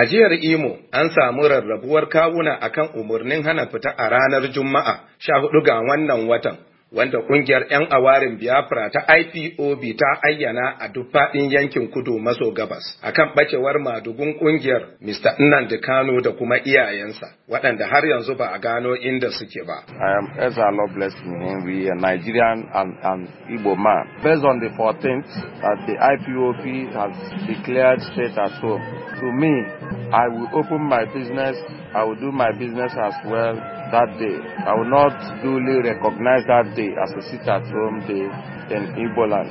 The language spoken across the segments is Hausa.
A jihar Imo an samu rarrabuwar kawuna akan umarnin hana fita a ranar Juma'a 14 ga wannan watan wanda kungiyar 'yan awarin Biafra ta IPOB ta ayyana a duk faɗin yankin kudu maso gabas akan ɓacewar madugun kungiyar Mr. Nnamdi Kano da kuma iyayensa waɗanda har yanzu ba a gano inda suke ba. I am Ezra Loveless we a Nigerian and an Igbo man. Based on the 14th that the IPOB has declared state at home. To me, I will open my business I will do my business as well that day. I will not duly recognize that day as a sit at home day in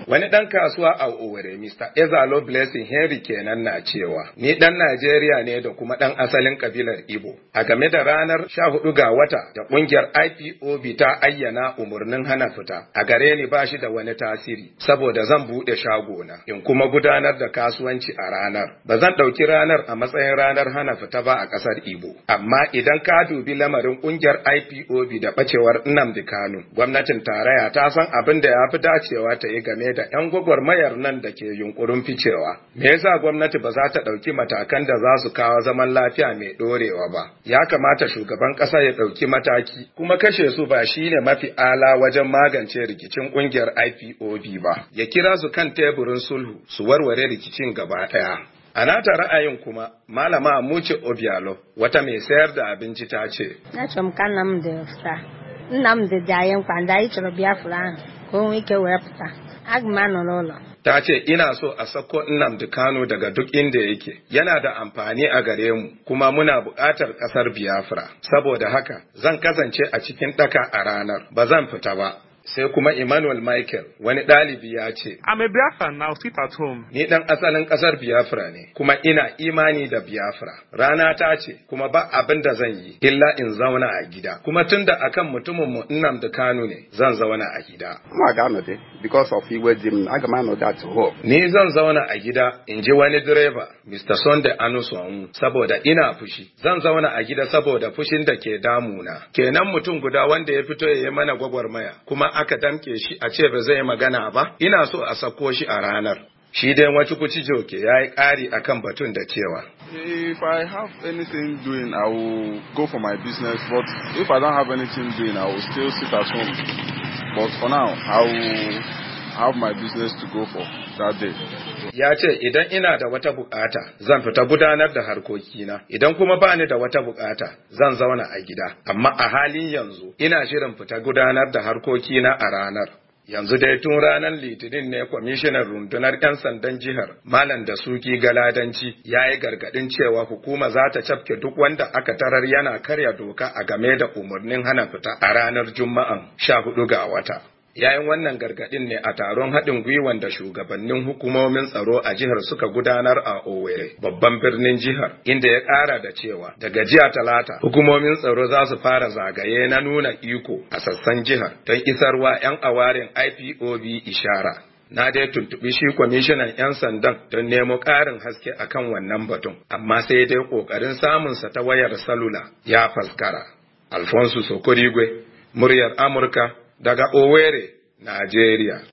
Wani ɗan kasuwa a Owerri, Mr. Ezalo Blessing Henry kenan na cewa, Ni ɗan Najeriya ne da kuma ɗan asalin kabilar Igbo. A game da ranar 14 ga wata da ƙungiyar IPOB ta ayyana umarnin hana fita, a gare ni ba shi da wani tasiri, saboda zan buɗe shagona in kuma gudanar da kasuwanci a ranar. Ba zan ɗauki ranar a matsayin ranar hana fita ba a ƙasar Igbo. Amma idan ka dubi lamarin ƙungiyar IPOB da ɓacewar Nnamdi Kanu, gwamnatin tarayya ta san abin da ya fi dacewa ta yi game da 'yan gwagwarmayar nan da ke yunkurin ficewa. Me yasa gwamnati ba za ta ɗauki matakan da za su kawo zaman lafiya mai ɗorewa ba? Ya kamata shugaban ƙasa ya ɗauki mataki, kuma kashe su ba shine mafi ala wajen magance rikicin ƙungiyar IPOB ba. Ya kira su kan teburin sulhu su warware rikicin gaba ɗaya. A nata ra'ayin kuma malama Muce Obialo wata mai sayar da abinci ta ce. Na chọmka Nnamdi pụta. Nnamdi dị anyị mkpa da anyị chọrọ Biafra ahụ ka o nwee ike wuya fita. Aga m n'ụlọ. Ta ce ina so a sako Nnamdi Kano daga duk inda yake yana da amfani a gare mu kuma muna buƙatar ƙasar Biafra. Saboda haka zan kasance a cikin ɗaka a ranar ba zan fita ba. sai kuma Emmanuel Michael wani ɗalibi ya ce, I'm a Biafran now sit at home. Ni dan asalin ƙasar Biafra ne, kuma ina imani da Biafra. Rana ta ce, kuma ba abin da zan yi, illa in zauna a gida. Kuma tun da akan mutumin mu da kano ne, zan zauna a gida. Kuma ga dai, because of Iwe Jim, ga ma no that home. Ni zan zauna a gida, in ji wani direba, Mr. Sunday Anuswanwu, saboda ina fushi. Zan zauna a gida saboda fushin da ke damuna. Kenan mutum guda wanda ya fito ya yi mana gwagwarmaya, kuma aka damke shi a ce ba zai magana ba ina so a sako shi a ranar shi dai wacce kuci joke ya yi ƙari a kan batun da cewa if i have anything doing i will go for my business but if i don't have anything doing i will still sit at home but for now i will have my business to go for that day. Ya ce idan ina da wata bukata zan fita gudanar da harkokina idan kuma ba ni da wata bukata zan zauna a gida amma a halin yanzu ina shirin fita gudanar da harkokina a ranar. Yanzu dai tun ranar Litinin ne kwamishinan rundunar 'yan sandan jihar Malam da Suki Galadanci ya yi gargaɗin cewa hukuma za ta cafke duk wanda aka tarar yana karya doka a game da umarnin hana fita a ranar Juma'an 14 ga wata. yayin wannan gargadin ne a taron haɗin gwiwan da shugabannin hukumomin tsaro a jihar suka gudanar a Owerri, babban birnin jihar, inda ya ƙara da cewa daga jiya talata hukumomin tsaro za su fara zagaye na nuna iko a sassan jihar don isarwa 'yan awarin IPOB ishara. na dai tuntuɓi shi kwamishinan 'yan sandan don nemo ƙarin haske a kan wannan batun amma sai dai ƙoƙarin samunsa ta wayar salula ya faskara alfonso sokorigwe muryar amurka daga Owerri, Najeriya.